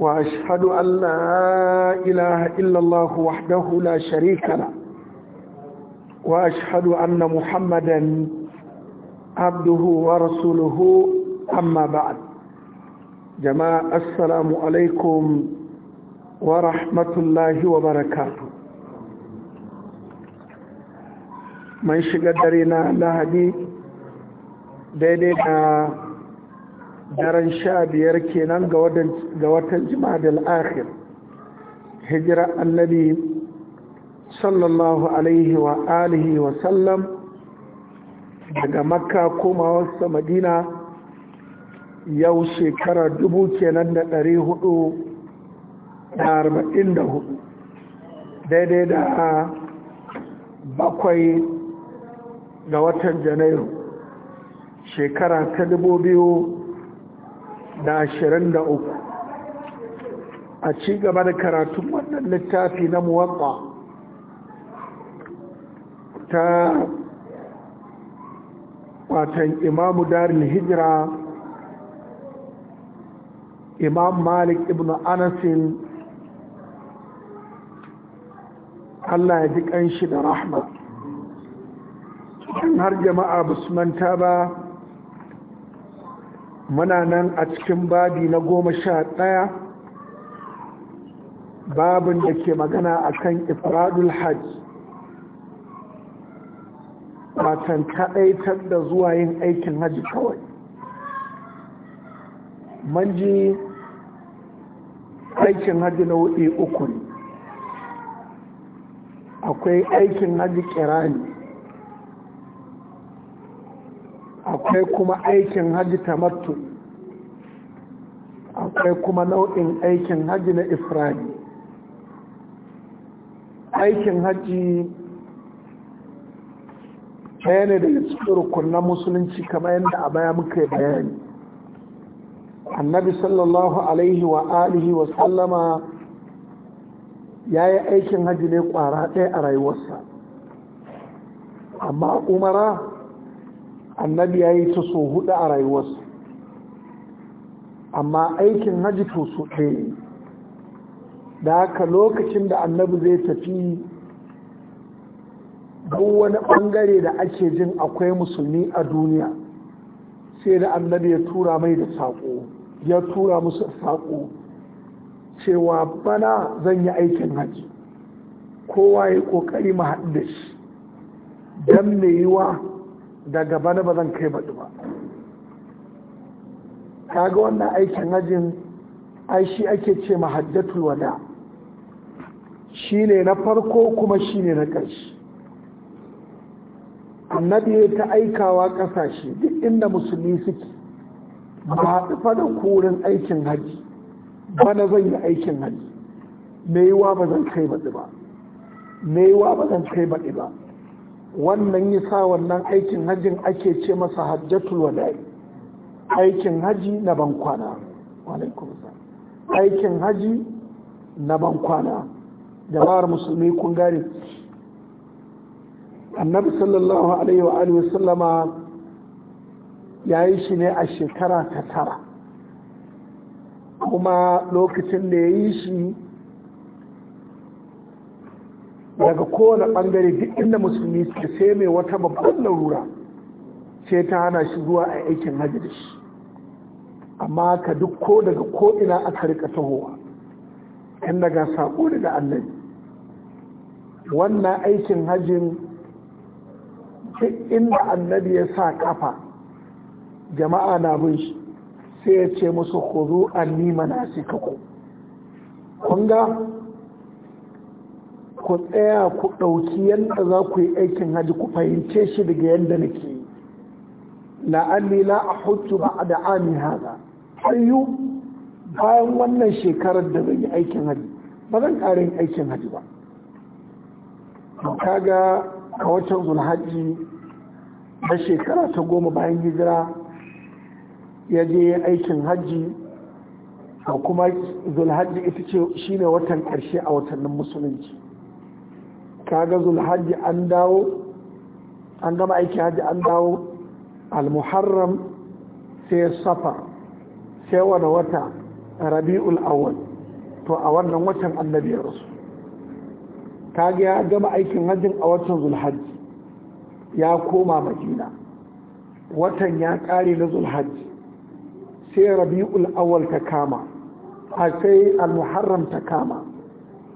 وأشهد أن لا إله إلا الله وحده لا شريك له وأشهد أن محمدا عبده ورسوله أما بعد جماعة السلام عليكم ورحمة الله وبركاته من شقدرنا لهدي دليل daren sha biyar kenan ga watan da akhir hijira annabi sallallahu alaihi wa alihi wa sallam daga makka komawarsa madina yau shekara dubu kenan da ɗari hudu da arba'in da hudu daidai da bakwai ga watan janairu shekara ta dubu biyu da ashirin da uku a ci gaba da karatun wannan littafi na muwatsa ta watan imamu darin hijira imam malik ibn anasin allah ya ji ƙanshi da rahma har jama'a ba su manta ba muna nan a cikin babi na goma sha ɗaya babin da ke magana a kan ifradul hajj matan kaɗaitar da zuwa yin aikin hajji kawai manji aikin hajji na wuɗe uku akwai aikin hajji kirani akwai kuma aikin ta tamattu akwai kuma nau'in aikin haji na ifrani aikin hajji ɗaya ne da cikin rukunan musulunci kamar yadda a baya muka bayani annabi sallallahu alaihi wa alihi wa sallama ya yi aikin haji ne kwara ɗaya a rayuwarsa amma umara annabi ya yi ta so hudu a rayuwarsu, amma aikin haji to so ɗaya da haka lokacin da annabi zai tafi don wani ɓangare da ake jin akwai musulmi a duniya sai da annabi ya tura mai da saƙo ya tura musu saƙo cewa bana zan yi aikin haji. kowa ya ƙoƙari mu haɗu da shi don mai yiwa daga bana ba zan kai baɗi ba kaga wannan aikin hajjin ai shi ake ce mahajjatul wada shi ne na farko kuma shi ne na ƙarshe annabi ta aikawa ƙasashe duk inda musulmi suke ba a da kurin aikin hajji bana zan yi aikin hajji mai yiwa ba zan kai baɗi ba me yiwa ba zan kai baɗi ba wannan ya sa wannan aikin hajjin ake ce masa hajjatul wada'i aikin haji na bankwana aikin haji na bankwana jama'ar musulmi kun gane annabi sallallahu alaihi wa alihi sallama ya yi shi ne a shekara ta tara kuma lokacin da ya yi shi daga kowane bangare duk inda musulmi suke sai mai wata babban larura ce ta hana shi zuwa a aikin hajji da shi amma ka duk ko daga ko ina aka rika tahowa in daga saƙo daga annabi wannan aikin hajjin duk inda annabi ya sa kafa jama'a na bin shi sai ya ce musu nima na manasikakum kun ga ku tsaya ku ɗauki yadda za ku yi aikin hajji ku fahimce shi daga yadda nake yi la'alli la a hutu ba da ami haza ayyu bayan wannan shekarar da zan yi aikin hajji ba zan ƙara aikin hajji ba ga a watan zulhaji na shekara ta goma bayan hijira ya je aikin hajji a kuma zulhaji ita ce shine watan ƙarshe a watannin musulunci kaga zulhajji an dawo an gama aiki hajji an dawo almuharram sai safar sai wani wata rabi'ul awwal to a wannan watan annabi ya rasu kaga ya gama aikin hajjin a watan zulhajji ya koma madina watan ya kare na zulhajji sai rabi'ul awwal ta kama a sai almuharram ta kama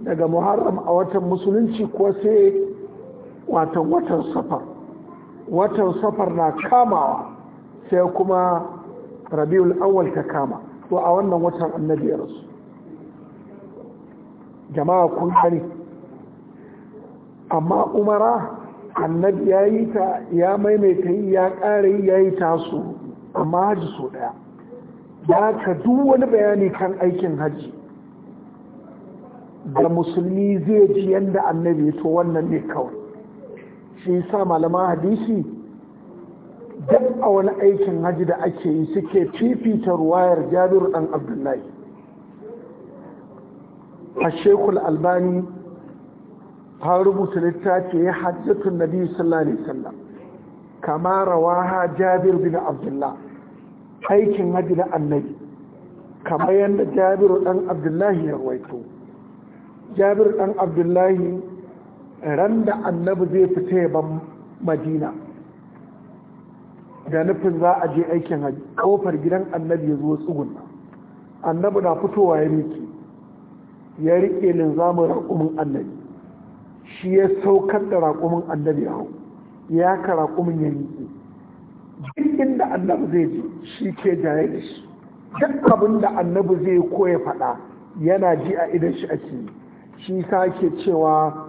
daga muharram a watan musulunci ko sai watan watan safar watan safar na kamawa sai kuma rabiul awal ta kama to a wannan watan annabi ya rasu jama'a kun gani amma umara annabi ya yi ta ya maimaita yi ya ƙara yi ya yi taso amma haji so ɗaya ya ka duk wani bayani kan aikin haji da musulmi zai ji yadda annabi to wannan ne kawai shi sa malaman hadisi duk a wani aikin haji da ake yi suke fifita ruwayar jabiru dan abdullahi a shekul albani harubuta rubuta littafi ya hajjatun nabi sallallahu alaihi wasallam kama rawaha jabir bin Abdullahi, aikin haji da annabi kamar yadda jabiru dan abdullahi ya rawaito jabir dan abdullahi ran da annabi zai fita ya ban madina da nufin za a je aikin hajji kofar gidan annabi ya zo tsugunna annabi na fitowa ya riki ya rike linzamin raƙumin annabi shi ya saukar da raƙumin annabi hau ya ka raƙumin ya rike duk inda annabi zai ji shi ke jaye da shi duk abin da annabi zai koya faɗa yana ji a idan shi ake yi shi sa ke cewa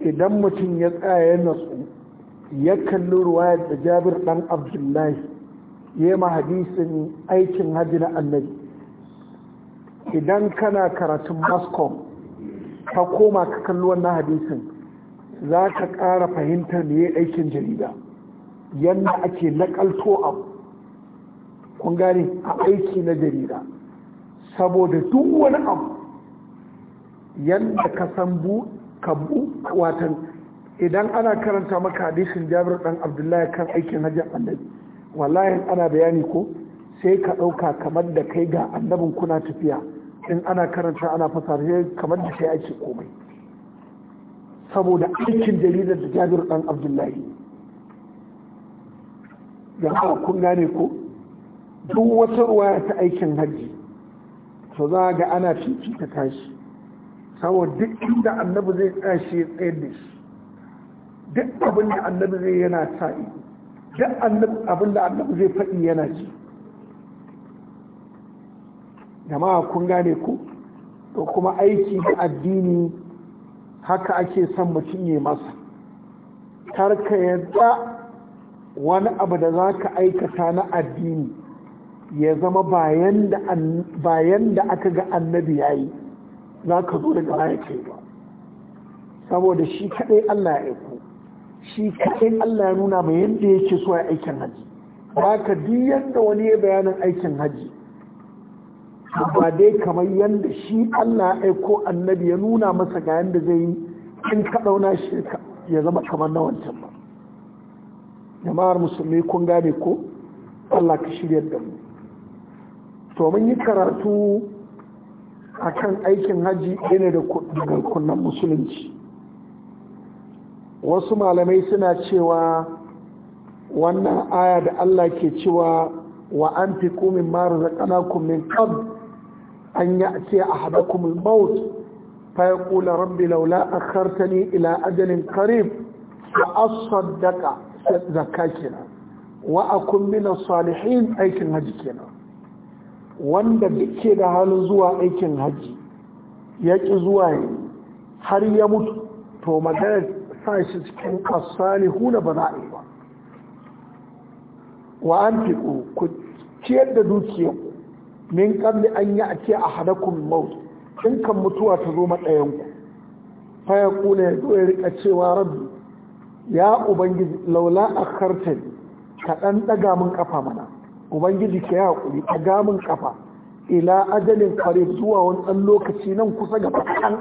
idan mutum ya tsaye ya su ya kalli ruwayar da jabir ɗan abdullahi ya yi hadisin aikin hajji na annabi idan kana karatun Moscow, ka koma ka kalli wannan hadisin za ka ƙara fahimtar da ya aikin jarida yadda ake naƙalto abu kun gane a aiki na jarida saboda duk wani abu yadda ka san bu watan idan ana karanta maka hadisin jabir dan abdullahi kan aikin hajjar annabi wallahi ana bayani ko sai ka ɗauka kamar da kai ga annabin kuna tafiya in ana karanta ana fasar kamar da kai ake komai saboda aikin jaridar da jabir dan abdullahi hawa kun gane ko duk wata ruwa ta aikin hajji to za ga ana fifita tashi saboda duk inda annabi zai tsashi ya tsayar da shi duk abin da annabi zai yana sa'i duk abin da annabi zai faɗi yana ci jama'a kun gane ku to kuma aiki da addini haka ake son mutum ya masa karka yadda wani abu da za ka aikata na addini ya zama bayan da aka ga annabi ya yi za ka zo daga baya ba saboda shi kaɗai Allah ya aiko shi kaɗai Allah ya nuna mai yadda yake so ya aikin haji ba ka duk yadda wani ya bayanin aikin haji ba dai kamar yadda shi Allah ya aiko annabi ya nuna masa ga yadda zai yi in ka ɗauna shi ya zama kamar na wancan ba jama'ar musulmi kun gane ko Allah ka shirya da mu to mun yi karatu a kan aikin hajji ne da kunnan musulunci wasu malamai suna cewa wannan aya da allah ke cewa wa an fi kumin mara zaƙana kumin kan an yi ce a haɗa kumin maut fa ya ƙula rabbi laula a kartani ila ajalin karib a asadaka daga kenan wa a kummina salihin aikin hajji kenan wanda duke da halin zuwa aikin hajji ya ƙi zuwa har ya mutu to magana sa shi cikin asali huna ba za a yi ba wa an fi ku ciyar da dukiyar min ƙarni an yi a a hadakun mautu in kan mutuwa ta zo matsayanku Faya ya ƙuna ya zo ya riƙa cewa rabbi ya ubangiji laula a kartani ka ɗan ɗaga min ƙafa mana ubangiji ka yi haƙuri a gamin ƙafa ila ajalin kare zuwa wani ɗan lokaci nan kusa ga kaɗan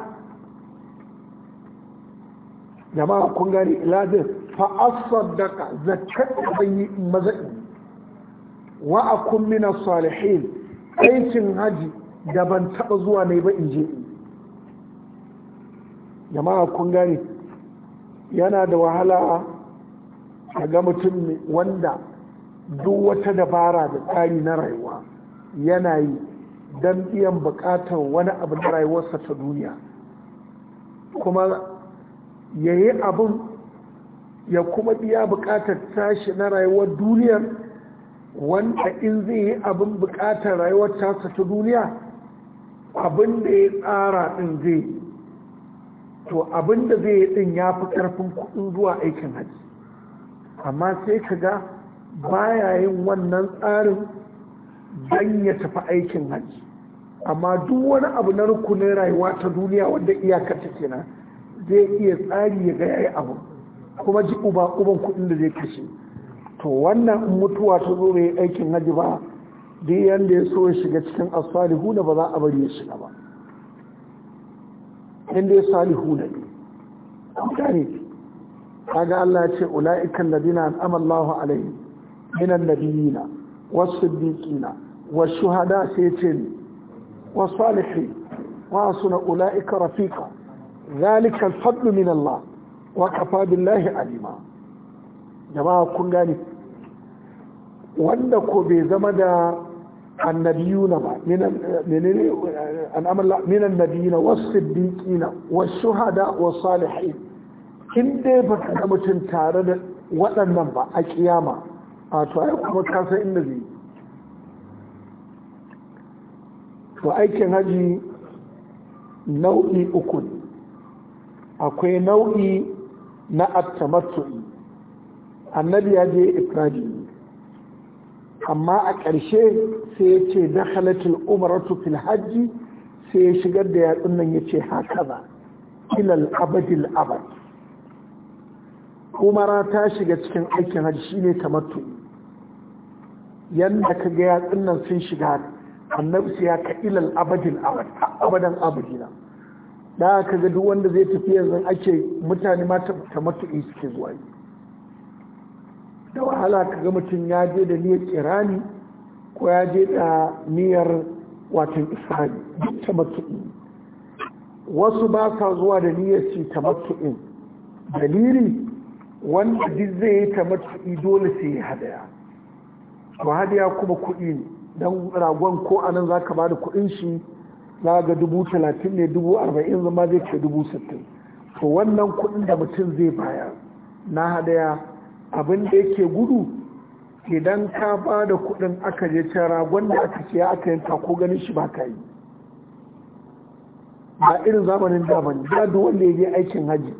jama'a kun gane ila zai fa'asar daga zakar ubangi mazaɗi wa a kummina salihin aikin haji da ban taɓa zuwa ne ba in je jama'a kun yana da wahala a ga mutum wanda duk wata dabara da tsari na rayuwa yana yi don biyan bukatar wani abu na rayuwarsa ta duniya kuma ya yi abin ya kuma biya bukatar tashi na rayuwar duniyar wanda in zai yi abin bukatar rayuwar tasa ta duniya abin da ya tsara din zai to abin da zai yi din ya fi karfin kudin zuwa aikin hajji amma sai ka ga baya yin wannan tsarin don ya tafi aikin hajji amma duk wani abu na rukunin rayuwa ta duniya wanda iyakar ta kenan zai iya tsari ya ga yayi abu kuma ji uba uban kuɗin da zai kashe to wannan mutuwa ta zo mai aikin hajji ba duk yanda ya so ya shiga cikin asalihu na ba za a bari ya shiga ba inda ya salihu na ne mutane kaga Allah ya ce ula'ikan ladina an amallahu alaihi minan nabiyina wasiddiqina wasu sai ce wasalihin wa suna ula'ika rafika zalika faɗu min Allah wa kafa billahi alima jama'a kun wanda ko bai zama da annabiyuna ba minan nabiyina wasiddiqina washuhada wasalihin in dai baka ga mutum tare da waɗannan ba a ma. a to ai kuma ka inda zai yi. to aikin haji nau'i uku akwai nau'i na attamattu'i annabi ya je Ibrahim, amma a ƙarshe sai ya ce halittar Umar fil hajji sai ya shigar da yatsun nan ya ce haka ba ilal abadil abad umara ta shiga cikin aikin hajji shi ne tamattu'i yanda ka ga yatsun sun shiga annabi sai ya ka ilal abadin abadan abadina da ka ga duk wanda zai tafi yanzu ake mutane ma ta matuƙi suke zuwa yi da wahala ka ga mutum ya je da niyyar kirani ko ya je da niyyar watan isra'i duk ta matuƙi wasu ba sa zuwa da niyyar ci ta dalili wanda duk zai yi ta matuƙi dole sai ya hadaya to ya kuma kuɗi don ragon ko a nan za ka da kuɗin shi za ga dubu talatin ne dubu arba'in zama zai ce dubu sittin to wannan kuɗin da mutum zai bayar na haɗaya abin da yake gudu idan ka ba da kuɗin aka je can ragon da aka ce aka ta ko ganin shi ba ka yi ba irin zamanin da ban da wanda ya je aikin hajji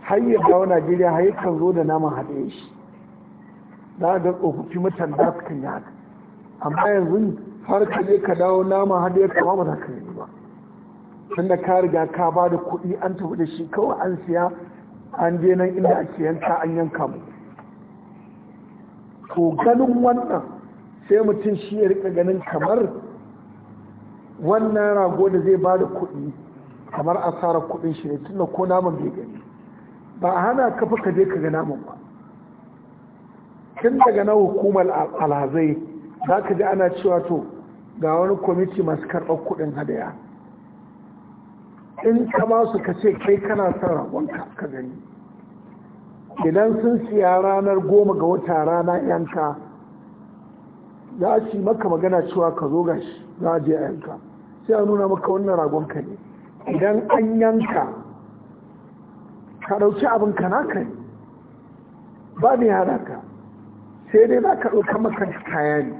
har ya dawo najeriya har kan zo da naman haɗe shi da ga tsofaffi mutane za su kan yi haka amma yanzu har ka je ka dawo nama har ya kama ba za ka yi ba tun da ka riga ka ba da kuɗi an tafi da shi kawai an siya an je nan inda ake yanka an yanka mu to ganin wannan sai mutum shi ya rika ganin kamar wannan rago da zai ba da kuɗi kamar asarar kuɗin shi ne tun da ko naman bai gani ba a hana kafa ka je ka ga naman ba tun daga na hukumar alhazai za ka ji ana cewa to ga wani kwamiti masu karɓar kuɗin hadaya in kama su ka kai kana son rabonka ka gani idan sun siya ranar goma ga wata rana yanka za a maka magana cewa ka zo gashi za a je a yanka sai a nuna maka wannan ka ne idan an yanka ka ɗauki abin ka ne ba ne hana ka sai dai za ka ɗauka maka kaya ne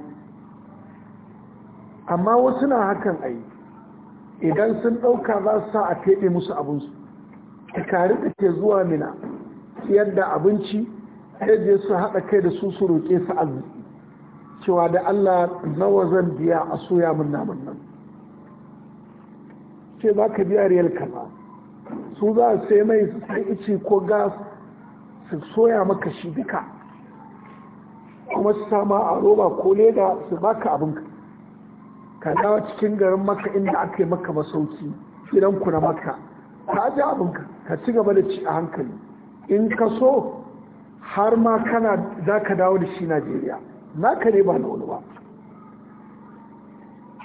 amma wasu na hakan ayi idan sun ɗauka za su sa a teɓe musu abinsu kari da ke zuwa mina siyar da abinci je su haɗa kai da su su roƙe su arziki cewa da allah nawa zan biya a soya min namun nan ce za ka biya riyal kaza su za su sai mai su sai ici ko gas su soya maka shi duka kuma su sama a roba ko leda su baka abin ka dawo cikin garin maka inda aka yi maka masauki idan ku na maka ka ji abin ka ci gaba da ci a hankali in ka so har ma kana za ka dawo da shi najeriya ka ne ba na wani ba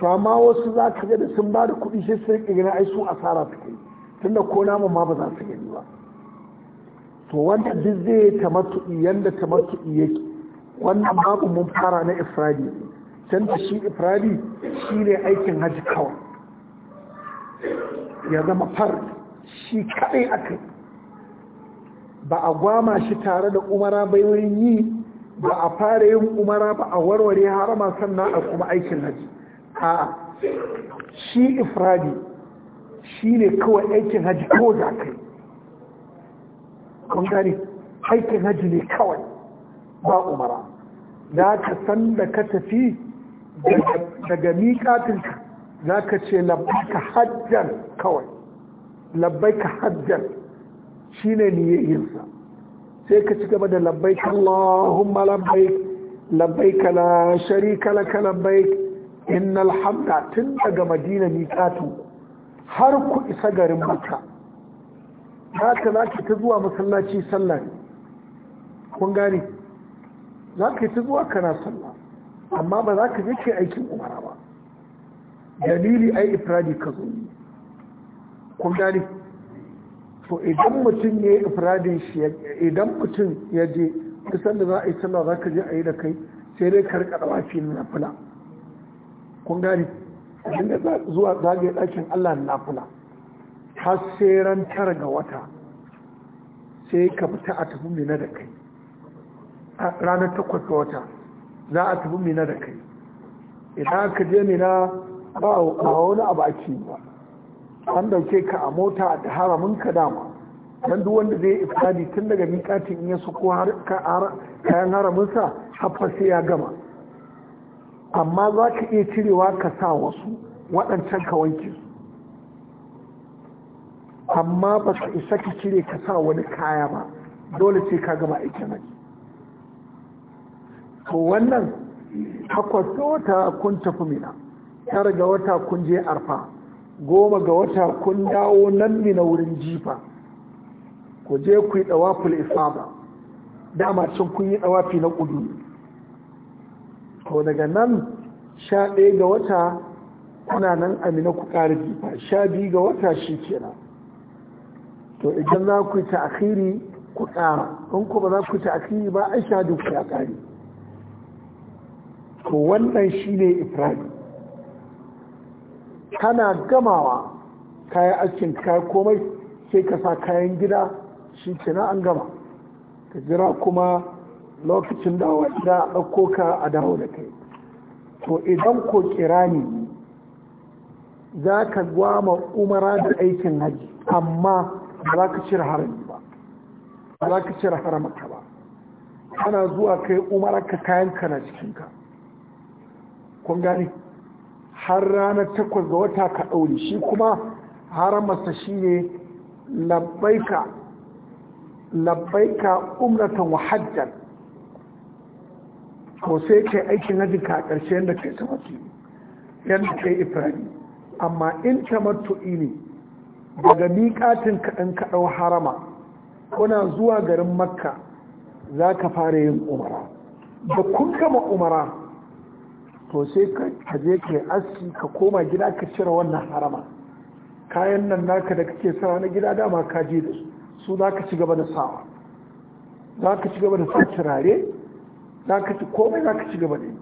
to amma wasu za ka ga da sun ba da kuɗi sai sun ƙi gina aisu a tsara su kai tunda ko naman ma ba za su gani ba to wanda duk zai yadda yanda tamattu'i yake wannan babu mun fara na ifradi can da shi ifradi shi ne aikin hajji kawai ya zama far shi kaɗai aka ba a gwama shi tare da umara bai wani yi ba a fara yin umara ba a warware harama sannan a kuma aikin hajji a shi ifradi shi ne kawai aikin hajji kawai da aka yi kun gane aikin hajji ne kawai ba umara za ka san da ka tafi daga miƙatinka za ka ce labbai ka hajjar kawai Labbai ka hajjar shi ne niyayyinsa sai ka ci gaba da labbaika Allahumma labbai, labbaika la sharika laka labbaik innal hamda tun daga madina miƙatu har ku isa garin makka za ka za ta zuwa masallaci sallah kun gane za ka ta zuwa kana sallah amma ba za ka je kai aikin umara ba dalili ai ifradi ka zo kun gane to idan mutum ya yi ifradin shi idan mutum ya je kusan da za a yi sallah za ka je a yi da kai sai dai ka da dawafi na nafula kun gane inda zuwa zagaye ɗakin Allah na nafula har sai ran tara ga wata sai ka fita a tafi mina da kai ranar takwas wata za a tafi mina da kai idan aka je mina ba wani abu ake ba an dauke ka a mota da haramin ka dama don duk wanda zai ifadi tun daga mikatin in ya suko kayan haraminsa haffa sai ya gama amma za ka iya cirewa ka sa wasu waɗancan ka wanke su amma ba ka isa ka cire ka sa wani kaya ba dole sai ka gama aikin aiki to wannan takwas ga wata kun tafi mina tara ga wata kun je arfa goma ga wata kun dawo nan mina wurin jifa ku je ku yi dawaful isaba dama can kun yi dawafi na kudu to daga nan sha ɗaya ga wata kuna nan amina ku ƙara jifa sha biyu ga wata shi kenan to idan za ku yi ta ku ƙara in ku ba za ku yi ta ba ai sha duk ya ƙare to wannan shi ne ifrani kana gamawa kayan askin kayan komai sai ka sa kayan gida shi na an gama ka jira kuma lokacin da ɗauko ka a dawo da kai to idan ko kirani za ka gwama umara da aikin haji amma ba za ka cire harami ba ba za ka cire haramaka ba kana zuwa kai umara ka kayan kana cikinka kun gane har ranar takwas ga wata ka ɗauri shi kuma haramarsa shi ne labbaika umratan wa hajjan sai kai aikin jika a ƙarshe yadda kai tamattu yadda kai ibrahim amma in tamattu'i ne daga miƙatin kaɗan kaɗau harama kuna zuwa garin makka za ka fara yin umara da kun gama umara to sai ka je ka yi aski ka koma gida ka cire wannan harama kayan nan naka da kake sawa na gida dama ka je da su su za ka ci gaba da sawa za ka ci gaba da sa turare za ka ci komai za ka ci gaba da yi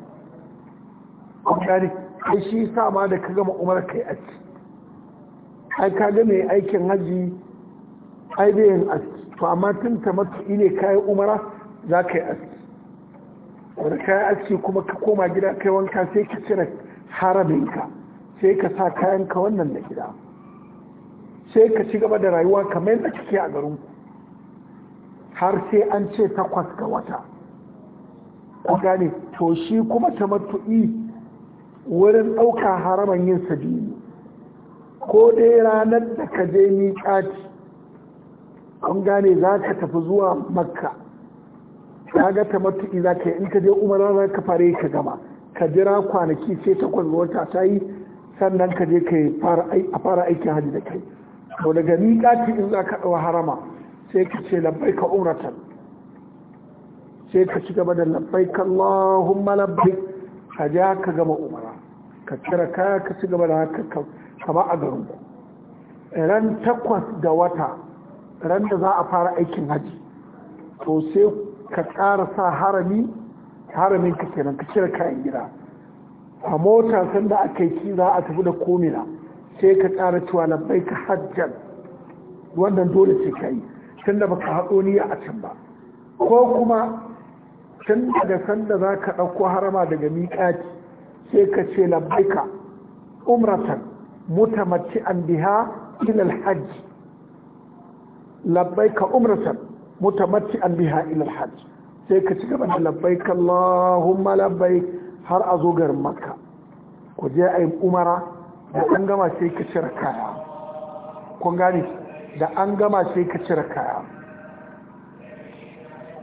ƙwari kai shi sa ma da ka gama umar ka yi aski ai ka ga mai aikin hajji ai bai yin aski to amma tun ta matu'i ne kayan umara za ka yi aski wani kayan aski kuma ka koma gida kai wanka sai ka cire haraminka sai ka sa kayan ka wannan da gida sai ka ci gaba da rayuwa kamar yadda kake a garin har sai an ce takwas ga wata ku gane to shi kuma ta matui wurin ɗauka haraman yin sabini ko dai ranar da ka je miƙati an gane za ka tafi zuwa makka ka ga matuƙi za ka yi in ka je umarar za ka fara ka gama ka jira kwanaki sai ta wata ta yi sannan ka je ka a fara aikin hajji da kai to daga ni miƙati in za ka ɗau harama sai ka ce labbai ka umratan sai ka ci gaba da labbai ka Allahumma labbai ka ja ka gama umara ka kira kaya ka ci gaba da haka kama a garin ku ran takwas da wata ran da za a fara aikin hajji to sai ka ƙara sa harami haramin ka kenan ka cire kayan gida a mota sanda aka yi za a tafi da komina sai ka ƙara cewa labbai ka hajjar wannan dole ce ka yi tun ba ka haɗo ni a can ba ko kuma tun daga sanda za ka ɗauko harama daga miƙaci sai ka ce labbai ka umratan mutamaci an biha ilal hajji labbai ka umratan mutamatti an biha ilal hajj sai ka ci gaba da labbaik Allahumma labbaik har a zo garin makka ku je a yi umara da an gama sai ka cire kaya kun gani. da an gama sai ka cire kaya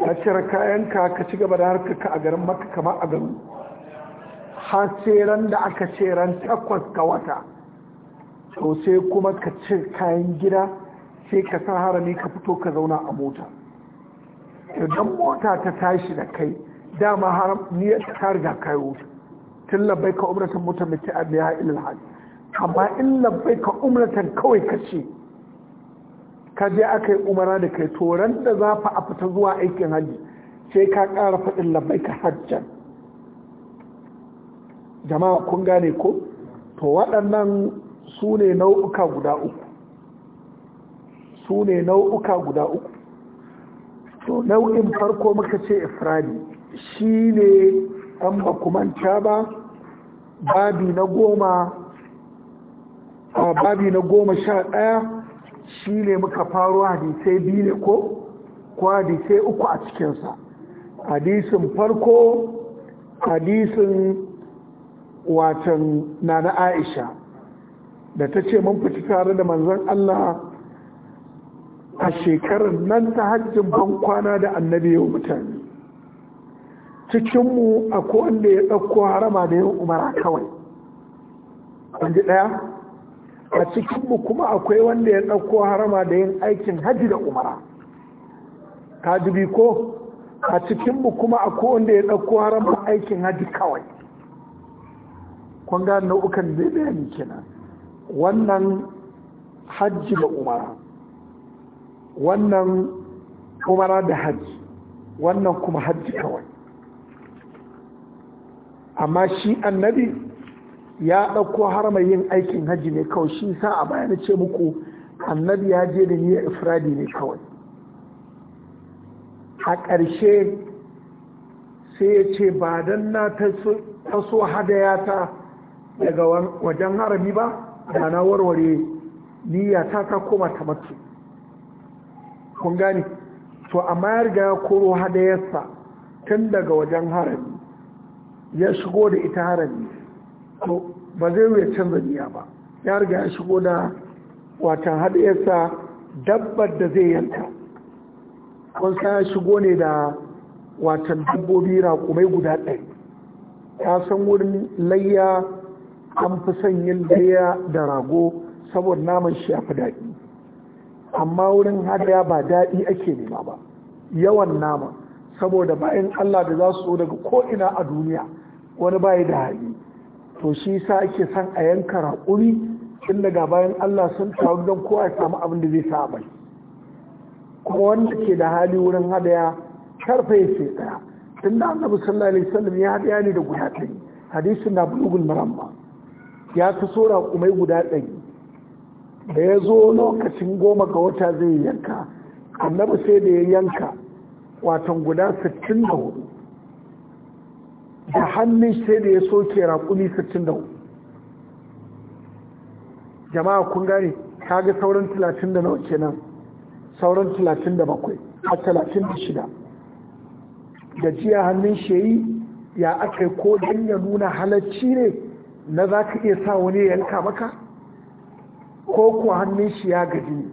ka cire kayanka ka ci gaba da ka a garin makka kamar a garin har tseren da aka tseren takwas ga wata to sai kuma ka ci kayan gida sai ka sa harami ka fito ka zauna a mota idan mota ta tashi da kai dama har niyyar ta riga kai wuta tun labbai ka umratan mota mai a biya ilil hajji amma in labbai ka umratan kawai ka ce ka je aka yi umara da kai toran da za fa a fita zuwa aikin hajji sai ka kara faɗin labbai ka hajjan jama'a kun gane ko to waɗannan su ne nau'uka guda uku su ne nau'uka guda uku to nau'in farko muka ce ifradi shi ne an manta ba babi na goma a babi na goma sha ɗaya shi ne muka faro hadisai biyu ne ko ko hadisai uku a cikinsa hadisin farko hadisin watan na na aisha da ta ce mun fita tare da manzon Allah a shekarar nan ta hajjin ban kwana da annabi yau mutane cikinmu a wanda ya ɗauko harama da yin umara kawai wanda ɗaya a cikinmu kuma akwai wanda ya ɗauko harama da yin aikin hajji da umara ta dubi ko a cikinmu kuma akwai wanda ya ɗauko harama aikin hajji kawai kwanga gane nau'ukan zai ɗaya kenan wannan hajji da umara wannan umara da hajji wannan kuma hajji kawai amma shi annabi ya ɗauko har mai yin aikin hajji ne kawai shi sa a bayan ce muku annabi ya je da niyyar ifradi ne kawai a ƙarshe sai ya ce ba don na taso hadaya ta daga wajen harami ba da na warware niyyata ta ta koma ta matu kun gani to amma ya riga ya koro hadayarsa tun daga wajen harami ya shigo da ita harami to ba zai wuya canza niyya ba ya riga ya shigo da watan hadayarsa dabbar da zai yanta kun sa ya shigo ne da watan dabbobi raƙumai guda ɗari ya san wurin layya an fi son yin layya da rago saboda naman shi ya fi daɗi amma wurin hadaya ba daɗi ake nema ba yawan nama saboda bayan Allah da za su daga ko'ina a duniya wani bayi da hali to shi sa ake son a yanka raƙuri in daga bayan Allah sun taru don kowa ya samu abin da zai sa bai kuma wanda ke da hali wurin hadaya karfe ya ce ɗaya tun da annabi sallallahu alaihi wasallam ya hadaya ne da guda ɗari hadisin na bulugul maramma ya fi so raƙumai guda ɗari da ya zo lokacin goma ga wata zai yanka annabi sai da ya yanka watan guda 64 da hannun sai da ya soke raƙumi 64 jama'a kun gane ga sauran 30 da nawa kenan sauran 37 a 36 da jiya hannun shayi ya aka yi ko don ya nuna halacci ne na za ka iya sa wani yanka maka ko ku hannun shi ya gaji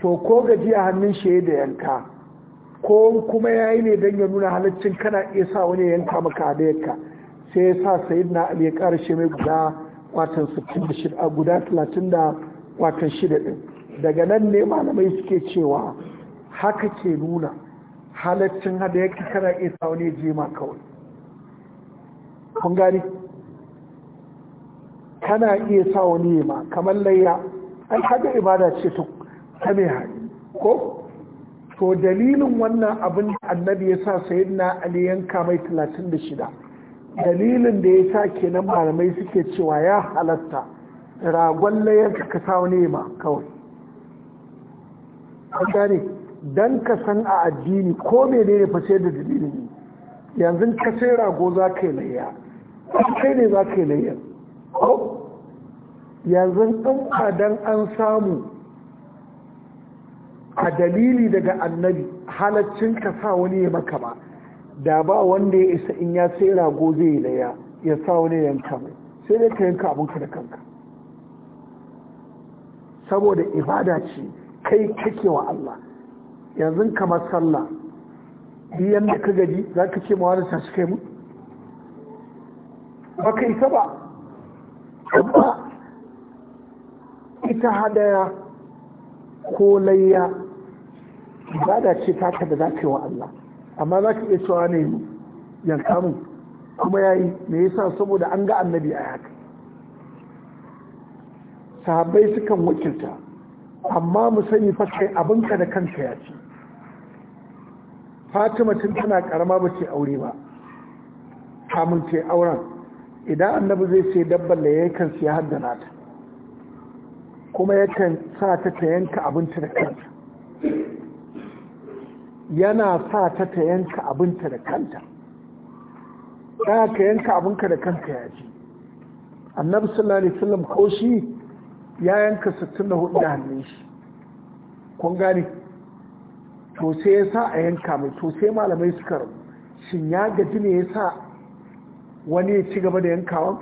to ko gaji a hannun shi ya da yanka ko kuma ya yi ne don ya nuna halaccin kana iya sa wani yanka maka hadayarka sai ya sa sayid na ali ya karshe mai guda watan 66 guda 30 da watan 6 din daga nan ne malamai suke cewa haka ke nuna halaccin hadayarka kana iya sa wani jima kawai kun gani kana iya sa wani ma kamar layya ai ibada ce ta mai hali ko to dalilin wannan abin da annabi ya sa sayyidina ali yanka mai 36 dalilin da ya sa kenan malamai suke cewa ya halatta ragon layar ka sa wani ma kawai an dan ka san a addini ko menene fa sai da dalilin yanzu ka sai rago za ka yi layya kai ne za ka yi layya ko yanzu ɗan adan an samu a dalili daga annabi halaccin ka sa wani ya maka ba da ba wanda ya isa in ya sai rago zai yi laya ya sa wani yanka mai sai dai ka yanka abinka da kanka saboda ibada ce kai kake wa Allah yanzu kamar sallah biyan da ka gaji za ka ce ma wani tashi kai mu ba ka isa ba ita hadaya ko layya ibada ce taka da za ka wa Allah amma za ka iya cewa ne yanka mu kuma yayi me yasa saboda an ga annabi a haka sahabbai sukan wakilta amma mu sani fa kai abinka da kanka ya ce fatima tun tana karama ba ce aure ba kamun ce auren idan annabi zai sai dabbar da ya kan ya haddana ta kuma yakan sa ta ta yanka abinci da kanta yana sa ta ta yanka abinta da kanta ta ka yanka abinka da kanka ya ji annabi sallallahu alaihi wasallam shi ya yanka 64 da hannun shi kun gane to sai ya sa a yanka mai to sai malamai suka rabu shin ya gaji ne ya sa wani ya ci gaba da yankawa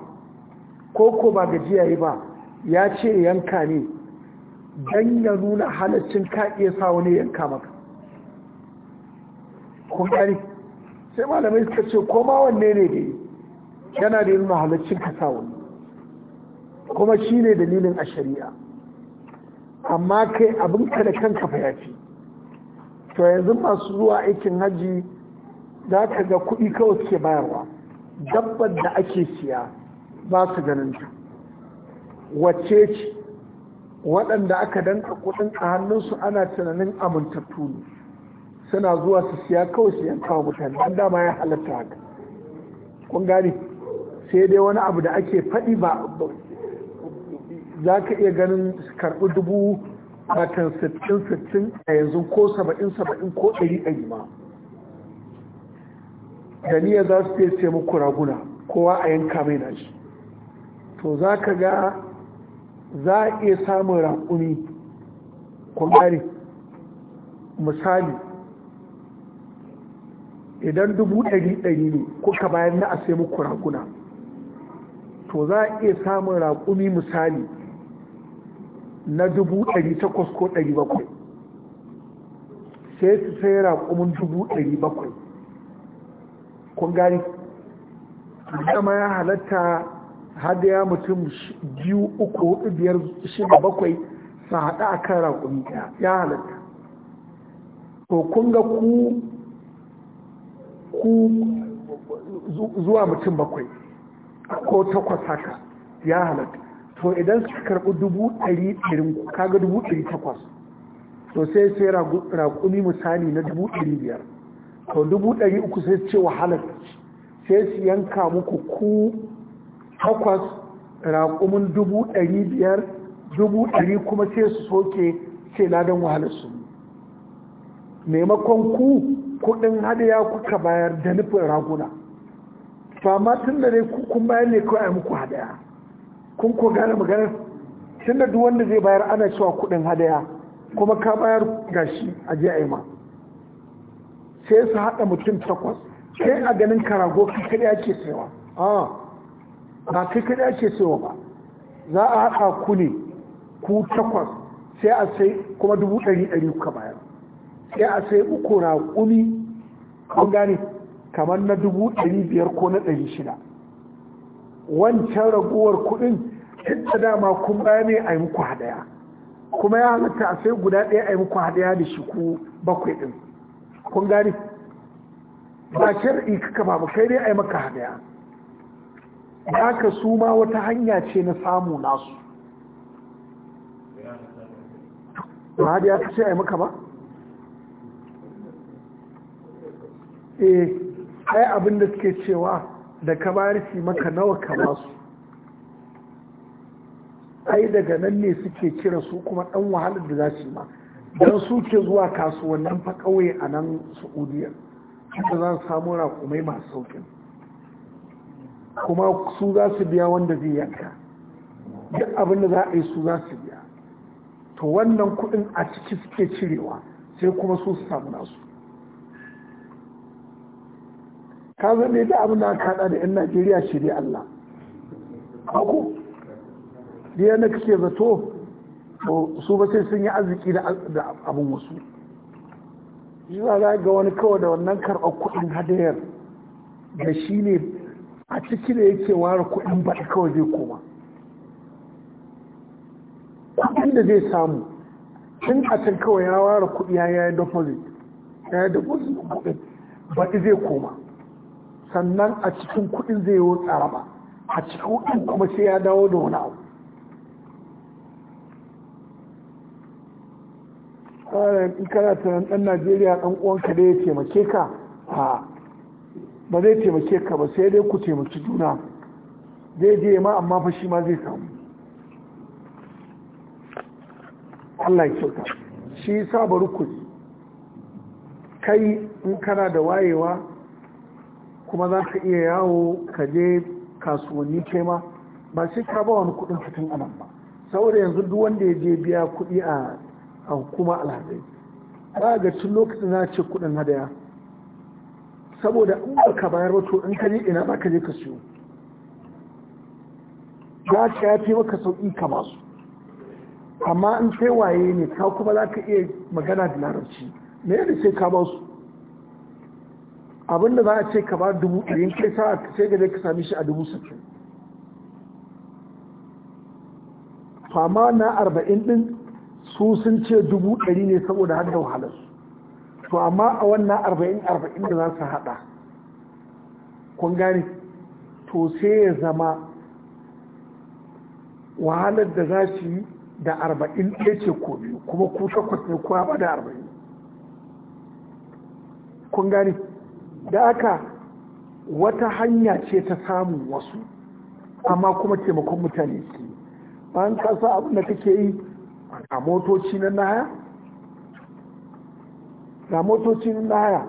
ko ko ba gajiya yi ba ya ce yanka ne don ya nuna halaccin ka iya sa wani yanka maka Kunkari sai malamai suka ce ko ma wanne ne da yana da nuna halaccin ka sa wani kuma shi ne dalilin a shari'a amma kai abinka da kan kafa ya ce to yanzu masu zuwa aikin hajji za ka ga kuɗi kawai suke bayarwa dabbar da ake siya ba su ganin ta wacce ce waɗanda aka danka kuɗin a hannunsu ana tunanin amintattu ne suna zuwa su siya kawai su yanka mutane an dama ya halatta haka kun gane sai dai wani abu da ake faɗi ba za ka iya ganin karɓi dubu matan sittin sittin a yanzu ko saba'in saba'in ko ɗari ɗari ma da za su ce muku raguna kowa a yanka mai shi. to za ka ga za a iya samun raƙuni kwamari misali idan dubu ɗari ɗari ne kuka bayan na a sai muku raguna to za a iya samun raƙuni misali na dubu ɗari takwas ko ɗari bakwai sai su sai raƙumin dubu ɗari bakwai kun gani ma ya halatta ya mutum biyu uku hudu biyar shida bakwai su haɗa a kan raƙumi ya halatta to kun ga ku ku zuwa mutum bakwai ko takwas haka ya halatta to idan su karɓi dubu ɗari ɗarin kaga dubu ɗari takwas to sai sai raƙumi misali na dubu ɗari biyar to dubu ɗari uku sai ce wahalar sai su yanka muku ku takwas raƙumin dubu ɗari biyar dubu ɗari kuma sai su soke ce ladan wahalarsu maimakon ku kuɗin hadaya kuka bayar da nufin raguna fama tun da dai kun bayar ne kawai muku hadaya kun ko gane maganar tun da wanda zai bayar ana cewa kuɗin hadaya kuma ka bayar gashi a je ma sai su haɗa mutum takwas sai a ganin karago kai kaɗai ake sayawa ah. ba kai kada ake cewa ba za a haɗa ku ne ku takwas sai a sai kuma dubu ɗari ɗari kuka bayar sai a sai uku na ƙuni kan gane kamar na dubu ɗari biyar ko na ɗari shida wancan raguwar kuɗin da dama kun baya ne a yi muku haɗaya kuma ya halatta a sai guda ɗaya a yi muku haɗaya da shi ku bakwai ɗin kun gane ba shari'i kaka ba kai dai a yi maka haɗaya Ya su ma wata hanya ce na samu nasu ba ya ta ce a yi maka ba? eh ai abin da suke cewa da ka barisi maka nawa ka masu. ai daga nan ne suke kira su kuma ɗan wahalar da za su ma don su ke zuwa kasuwannin fa kauye a nan saudiya inda za su samu raƙumai masu saukin kuma su za su biya wanda zai yanka duk abin da za a yi su za su biya to wannan kudin a ciki suke cirewa sai kuma su samu nasu ka zane da abin da aka hada da 'yan najeriya shi dai allah ko da yana kake zato su ba sai sun yi arziki da abin wasu shi za ga wani kawai da wannan karɓar kudin hadayar da shi ne a ciki da yake ware kudin baɗi kawai zai koma kudin da zai samu tun a can kawai ya ware kudi ya yi deposit ya yi deposit kudin baɗi zai koma sannan a cikin kudin zai yi tsara ba a cikin kudin kuma sai ya dawo da wani abu in kana tunan ɗan najeriya ɗan uwanka da ya taimake ka a ba zai taimake ka ba sai dai ku taimaki juna zai je ma amma fa shi ma zai samu Allah ya kyauta shi yasa bari ku kai in kana da wayewa kuma za ka iya yawo ka je kasuwanni kai ma ba shi ka ba wani kudin fitin anan ba saboda yanzu duk wanda ya je biya kudi a hukuma alhazai Ba ga tun lokacin na ce kudin hadaya saboda in ba ka bayar wato in ka je ina ba ka je ka siyo za ka ya fi maka sauƙi ka ba su amma in sai waye ne ka kuma za ka iya magana da larabci me yadda sai ka ba su abinda za a ce ka ba dubu ɗari kai sa ka sai ga ka sami shi a dubu sittin fama na arba'in ɗin su sun ce dubu ɗari ne saboda har da wahalarsu to amma a wannan arba'in arba'in da za su haɗa kun gane to sai ya zama wahalar da za su yi da arba'in ɗaya ce ko biyu kuma ku takwas ne kuwa ba da arba'in kun gane da aka wata hanya ce ta samun wasu amma kuma taimakon mutane su yi bayan kasa abin da kake yi a motoci na naya ga motocin laya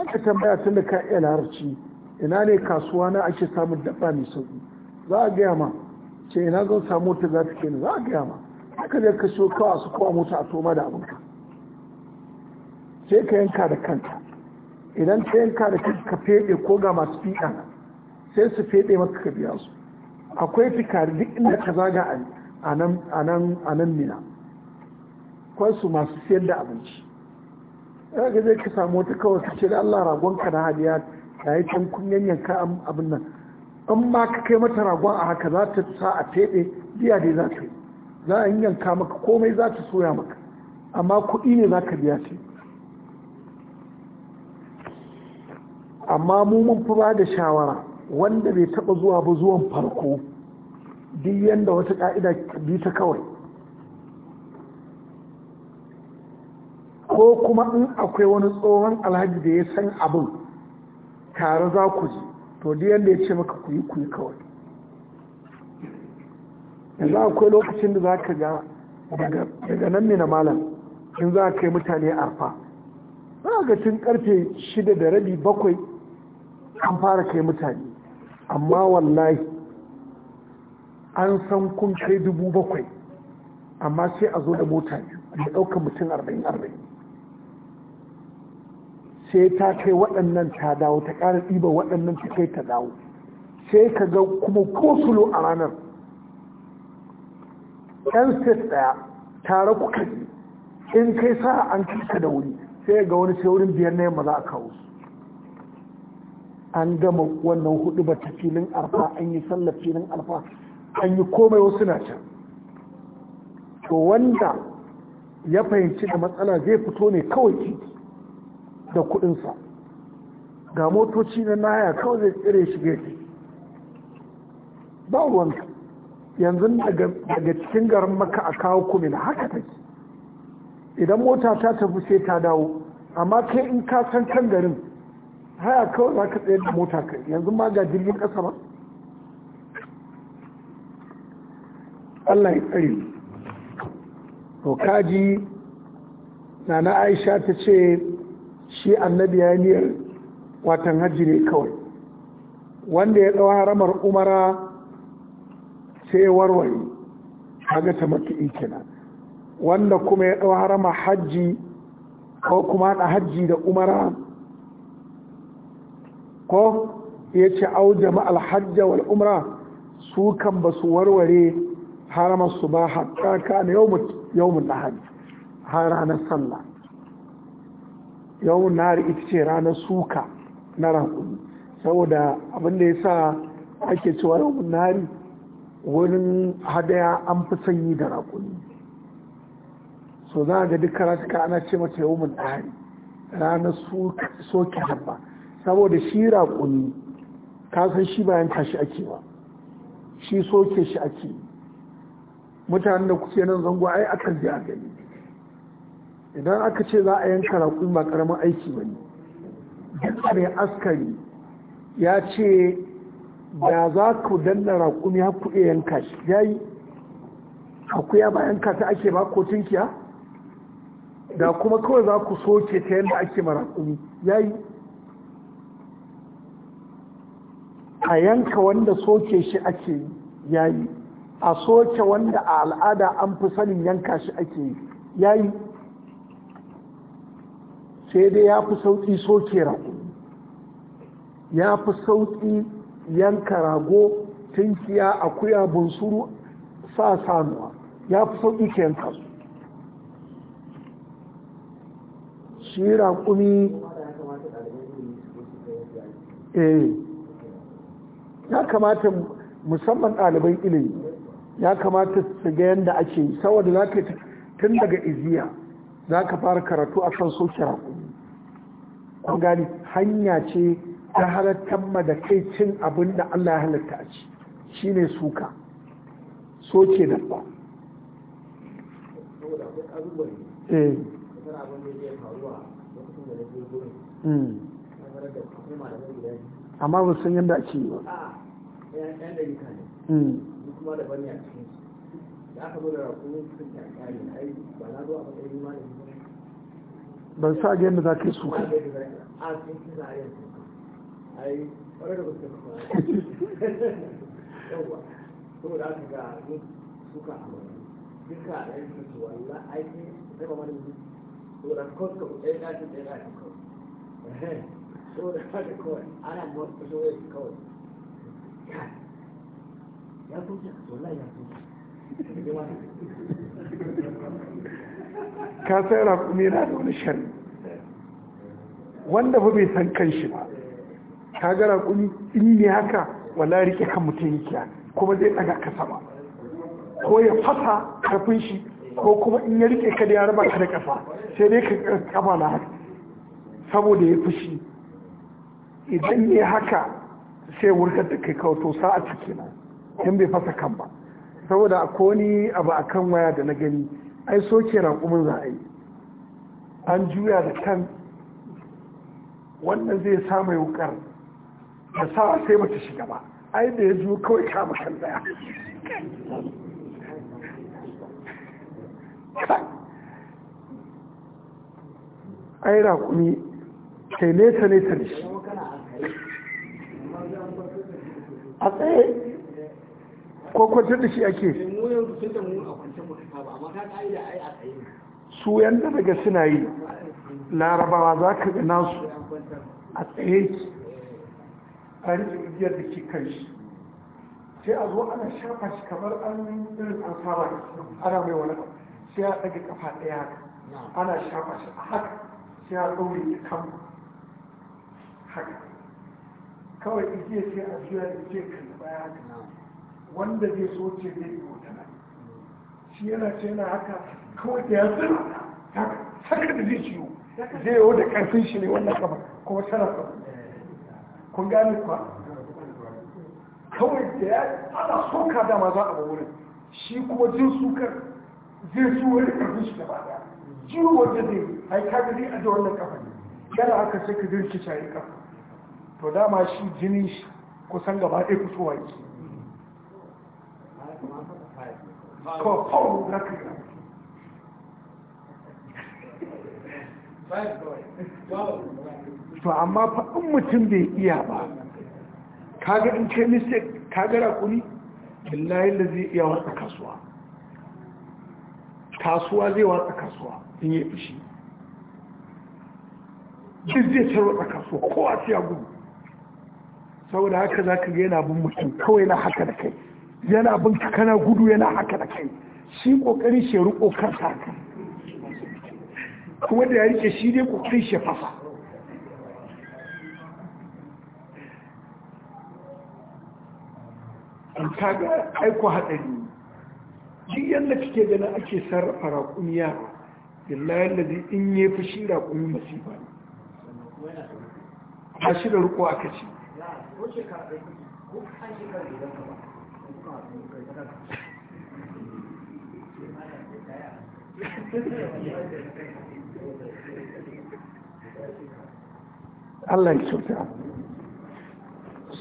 aka tambaya tun da ka iya larabci ina ne kasuwa na ake samun dabba mai sauki za a gaya ma ce ina zan samu mota za ta kenan za a gaya ma aka zai ka so kawai su kowa mota a toma da abinka sai ka yanka da kanta idan ka yanka da kanta ka feɗe ko ga masu fiɗa sai su feɗe maka ka biya su akwai fikari duk inda ka zaga a nan mina kwan su masu siyar da abinci za ga zai ka samu wata kawai ka ce da Allah ragonka na hadiya ta yi can kun yanyanka abin nan in ma ka kai mata ragon a haka za ta sa a teɓe biya dai za ta yi za a yanka maka komai za ta soya maka amma kuɗi ne za ka biya ce amma mu mun fi ba da shawara wanda bai taɓa zuwa ba zuwan farko duk yanda wata ƙa'ida bi ta kawai ko kuma in akwai wani tsohon alhaji da ya san abin tare za ku ji to da yadda ya ce maka ku yi ku yi kawai yanzu akwai lokacin da za ka ga daga nan ne na malam in za ka yi mutane arfa za ga tun karfe shida da rabi bakwai an fara kai mutane amma wallahi an san kun kai dubu bakwai amma sai a zo da mota biyu da ɗaukar mutum arba'in arba'in sai ta kai waɗannan ta dawo ta ƙara ɗiba waɗannan ta kai ta dawo sai ka ga kuma ko sulo a ranar ɗan state ɗaya tare kuka in kai sa an kika da wuri sai ga wani sai wurin biyar na yamma za a kawo su an gama wannan hudu ba ta filin arfa an yi sallar filin arfa an yi komai wasu na can to wanda ya fahimci da matsala zai fito ne kawai titi da kudinsa ga motoci na naya kawai zai tsire shi gaji ba wanda yanzu daga cikin garin maka a kawo na haka take idan mota ta tafi sai ta dawo amma kai in ka san kan garin haya kawai za ka tsaye da mota kai yanzu ma ga jirgin ƙasa ba Allah ya tsare to kaji na na aisha ta ce shi annabi ya niyyar watan hajji ne kawai wanda ya tsawon haramar umara sai warware haga ta mafi kenan wanda kuma ya tsawon haramar hajji ko kuma da hajji da umara ko ya ce au jama'al hajja wal umara su kan ba su warware haramar su ba haƙaƙa na yau mun lahadi har ranar sallah yawon nari ita ce ranar suka na rakumi saboda abinda ya sa ake cewa yawon nari wurin hadaya an fi sanyi da rakumi so za ga duk karatuka ana ce mata mun nari ranar soke habba saboda shi rakumi kasan shi bayan tashi ake ba shi soke shi ake mutanen da kuke nan zango ai akan ji a gani idan aka ce za a yanka raƙumi ba ƙaramin aiki ba ne mai askari ya ce da za ku danna raƙumi ya ku iya yanka shi ya yi ya ba yanka ta ake ba ko tunkiya da kuma kawai za ku soke ta yadda ake ma raƙumi ya yi a yanka wanda soke shi ake ya yi a soke wanda a al'ada an fi sanin yanka shi ake yi ya yi sai dai ya fi sauƙi soke rago ya fi sauƙi yanka rago tunkiya akuya bunsuru sa sanuwa ya fi sauƙi ke yanka su shi raƙumi eh ya kamata musamman ɗalibai ilimi ya kamata su ga yadda ake saboda za ka tun daga iziya za ka fara karatu a kan soke raƙumi kun gani hanya ce ta halattar da kai cin abin da Allah ya halatta a ci shine suka soke da ba amma ba san yadda ake yi ba hmm. da aka zo da na aiki ba na matsayin malamin ban sa ga yadda za ka yi ya ka san raƙumi yana da wani shari wanda bai san kan shi ba ka ga raƙumi in ne haka wala rike kan mutum yake kuma zai ɗaga kasa ba. ko ya fasa karfin shi ko kuma in ya rike ka da ya raba ka da kasa sai dai ka kaba na haka saboda ya fushi idan ne haka sai wurkar da kai kawo to sa'a ciki na in bai fasa kan ba saboda akwai wani abu a kan waya da na gani ai soke raƙumin za a yi an juya da kan wannan zai sa mai wukar da sa sai mace shiga ba ai da ya zo kawai kama kan daya ai raƙumi kai nesa nesa da shi a tsaye ko kwantar da shi ake su yadda daga suna yi larabawa za ka ga nasu a tsaye ki a rikin igiyar da ke kan shi sai a zo ana shafa shi kamar an irin an saba ana mai wani sai a tsage kafa ɗaya haka ana shafa shi a haka sai a ɗaure ya kan haka kawai igiyar sai a juya igiyar kan baya haka wanda zai so ce zai yi wata nan shi yana ce yana haka kawai da ya tsira haka da zai ciwo zai yi da karfin shi ne wannan kama kuma tana kafa kun gane kuwa kawai da ya ana soka da ma za a ba wurin shi kuma jin sukar zai su wani karfin shi gaba da ciwo wanda zai yi ai da zai aje wannan kama ne yana haka sai ka dirki shayi kama to dama shi jinin shi kusan gaba ɗaya kusurwa yake to amma faɗin mutum bai iya ba kaga in ce mistake kaga rakuni billahi da zai iya watsa kasuwa kasuwa zai watsa kasuwa in yi fushi duk zai watsa kasuwa kowa siya gudu saboda haka za ka ga yana bin mutum kawai na haka da kai yana binka kana gudu yana haka da kai shi kokari shi ruko kansa kuma da ya rike shi dai kokari shi fasa an kaga aiko haɗari duk yadda kike ganin ake sarrafa raƙumiya billahi allazi in yi fushi raƙumi masifa ne A shi da ruko aka ce Allah ya kyauta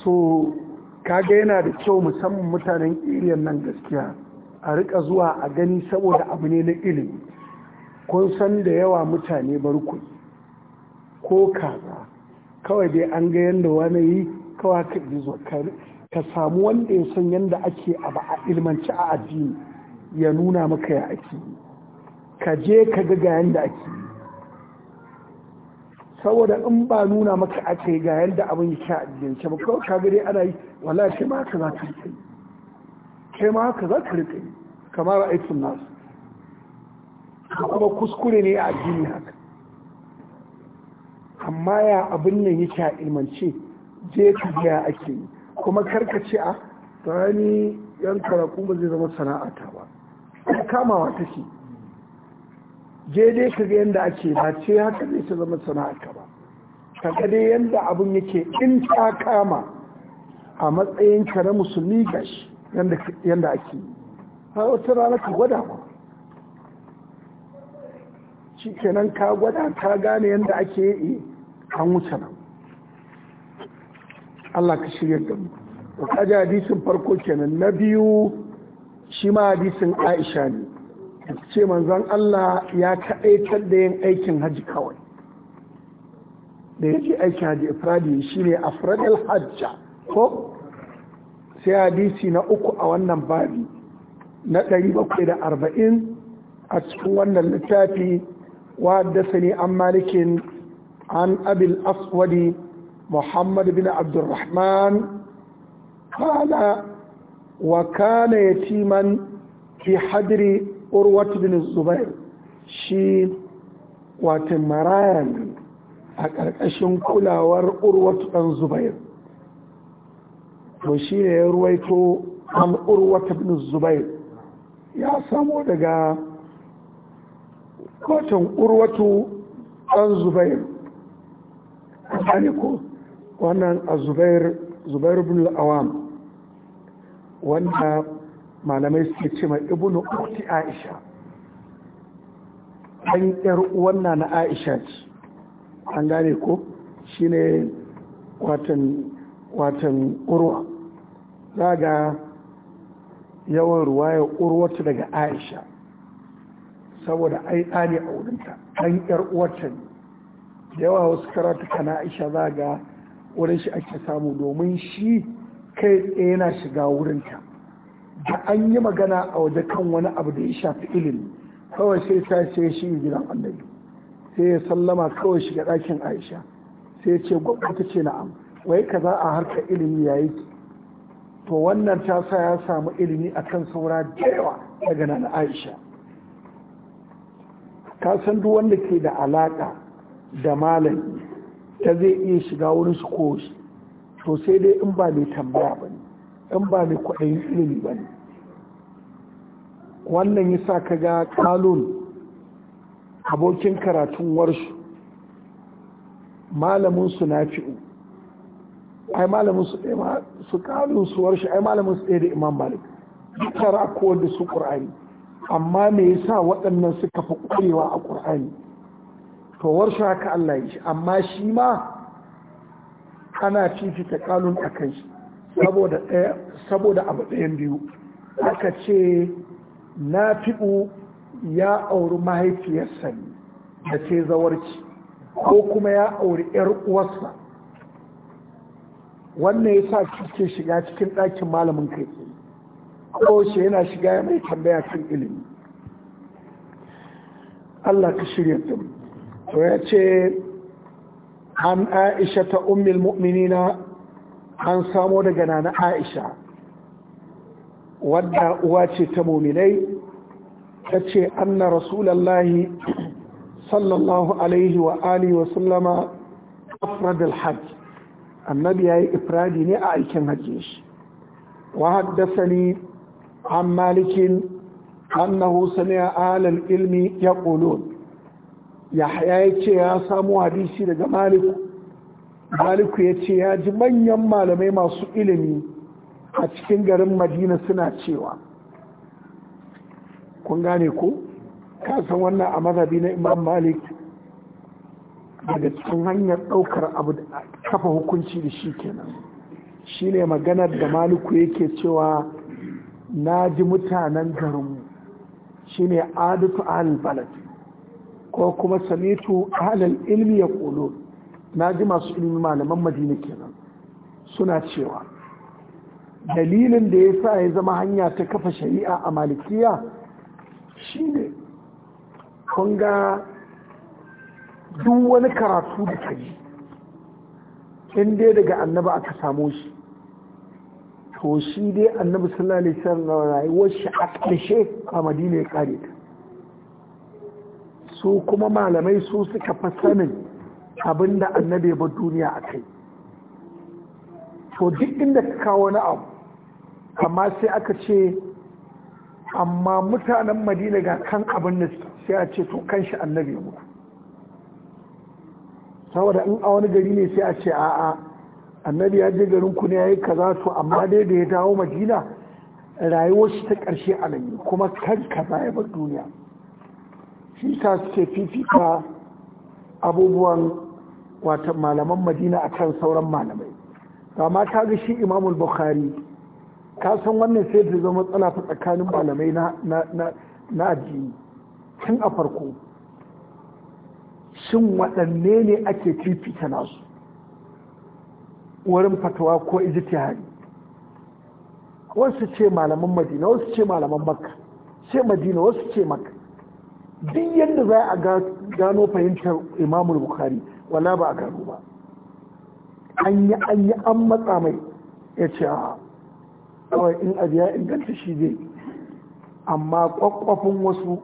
so yana da kyau musamman mutanen iriyan nan gaskiya a rika zuwa a gani saboda abu ne na ilimi kun san da yawa mutane barku ko kaza kawai dai an ga yadda wani yi kawai ka ji ka samu wanda ya san yadda ake abu a ilmanci a addini ya nuna maka ya ake ka je ka ga yadda ake saboda in ba nuna maka ake ga yadda abin ya sha addinance ba kawai ka gari ana yi wala ke ma haka za ka rike yi ke ma haka za ka rike yi kamar aikin nasu kuma kuskure ne a addini haka amma ya abin nan yake a ilmance je ka ga ake yi kuma ce a tunani yan karaku ba zai zama sana'ata ba kamawa ta je dai ka ga yadda ake ba ce haka zai ta zama sana'ata ba ka dai yadda abin yake in ta kama a matsayin kare na musulmi shi yadda ake yi har wata rana ka gwada ba shi kenan ka gwada ta gane yadda ake yi eh, an wuce nan Allah ka shirya da mu to kaji hadisin farko kenan na biyu shi ma hadisin Aisha ne ce manzon Allah ya kaɗaitar da yin aikin haji kawai da ya ce aikin haji ifradi shi ne a afradal hajja ko sai hadisi na uku a wannan babi na arba'in, a cikin wannan littafi wa haddasa ne an malikin an abil aswadi محمد بن عبد الرحمن قال وكان يتيما في حدر أروة بن الزبير شي واتمران أكركشن كلا وأروة بن الزبير وشي يرويتو عن أروة بن الزبير يا سامو دقا كوتن أروة بن الزبير ko wannan a zubair ibn al'awam wanda malamai suke ce mai ibn ukti aisha an yi wannan na aisha ce an gane ko shine watan watan urwa ga yawan ruwa ya urwata daga aisha saboda ai ɗani a wurinta an yar ta ne yawa wasu karatu na aisha za ga. wurin shi ake samu domin shi kai tsaye yana shiga ta da an yi magana a waje kan wani abu da ya shafi ilimi kawai sai ta ce shi gidan annabi sai ya sallama kawai shiga ɗakin aisha sai ce gwamnati ce na'am wai ka za a harkar ilimi ya yi to wannan ta sa ya samu ilimi a kan saura da yawa daga nan aisha ka san duk wanda ke da alaƙa da malami ta zai iya shiga wurin su ko to sai dai in ba mai tambaya ba ne in ba mai kwaɗayin ilimi ba ne wannan ya sa ka ga kalon abokin karatun warshu malamin su na fi'u ai malamin su ɗaya su kalon su warshu ai malamin su ɗaya da imam malik tara ko da su ƙur'ani amma me yasa waɗannan suka fi ƙwarewa a ƙur'ani to shi haka Allah yi shi amma shi ma ana fifita kalun a kai saboda abu ɗayan biyu aka ce na fi'u ya auri mahaifiyarsa ne da ce zawarci ko kuma ya auri 'yar uwarsa wannan ya sa ke shiga cikin ɗakin malamin kai ko shi yana shiga ya mai tambaya kan ilimi Allah ka shirya mu to ya ce an aisha ta ummil mu'minina an samo daga nana aisha wadda uwa ce ta muminai ta ce anna rasulallahi sallallahu alaihi wa alihi wa sallama afradul hajj annabi ya yi ifradi ne a aikin hajji shi wa ni an malikin annahu a alal ilmi yaqulun Yahaya ya ce ya samu hadisi daga maliku maliku ya ce ya ji manyan malamai masu ilimi a cikin garin madina suna cewa kun gane ko kasan wannan a mazabi na imam malik daga cikin hanyar ɗaukar abu da kafa hukunci da shi kenan shi ne maganar da maliku yake cewa na ji mutanen garinmu shi ne adatu al-balad ko kuma samitu ahlal ilmi ya kolo na ji masu ilmi malaman madina kenan suna cewa dalilin da ya sa ya zama hanya ta kafa shari'a a malikiya shine kunga duk wani karatu da kaji in dai daga annaba aka samo shi to shi dai annabi sallallahu alaihi wasallam rayuwar shi a kashe a madina ya kare ta su kuma malamai su suka fa sanin abin da annabi ba duniya a kai to duk inda ka kawo wani abu amma sai aka ce amma mutanen madina ga kan abin da sai a ce to kan shi annabi mutu saboda in a wani gari ne sai a ce a'a annabi ya je garin ku ne ya yi kaza to amma dai da ya dawo madina rayuwar shi ta ƙarshe a nan kuma kan kaza ya bar duniya shi suke fifita abubuwan wata malaman madina kan sauran malamai amma ka ga shi imamul bukhari ka san wannan sai da zama matsala ta tsakanin malamai na addini tun a farko shin waɗanne ne ake fifita nasu wurin fatawa ko ijtihadi wasu ce malaman madina wasu ce malaman makka ce madina wasu ce makka duk yadda za a gano fahimtar imamul bukhari wala ba a gano ba an yi an yi an matsa mai ya ce a kawai in a biya inganta shi zai amma kwakwafin wasu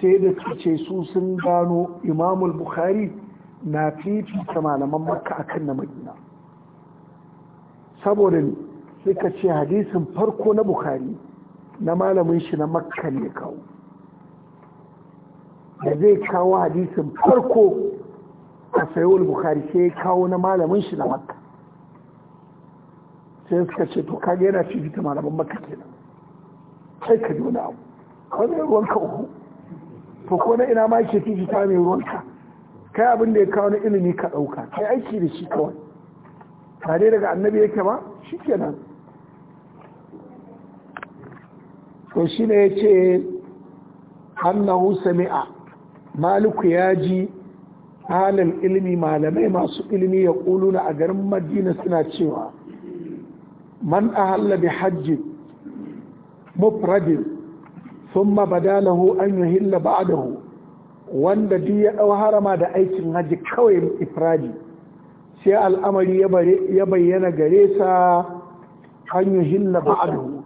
sai da ce su sun gano imamul bukhari na fifita malaman makka kan na madina saboda ne suka ce hadisin farko na bukhari na malamin shi na makka ne kawo da zai kawo hadisin farko a sayowar bukari sai ya kawo na malamin shi na makka sai suka ce to kage yana fita malamin makka kenan sai ka ji wani abu wani ruwanka uku to ko na ina ma ke fita mai ka kai abin da ya kawo na ilimi ka ɗauka kai aiki da shi kawai tare daga annabi yake ba shi ke nan to shi ne ya ce annahu sami'a maliku ya ji halin ilimi malamai masu ilimi ya na a garin madina suna cewa man ahalla bi hajji mufradin thumma badalahu an yuhilla ba'dahu wanda duk ya ɗau harama da aikin haji kawai ifradi sai al'amari ya bayyana gare sa an yuhilla ba'dahu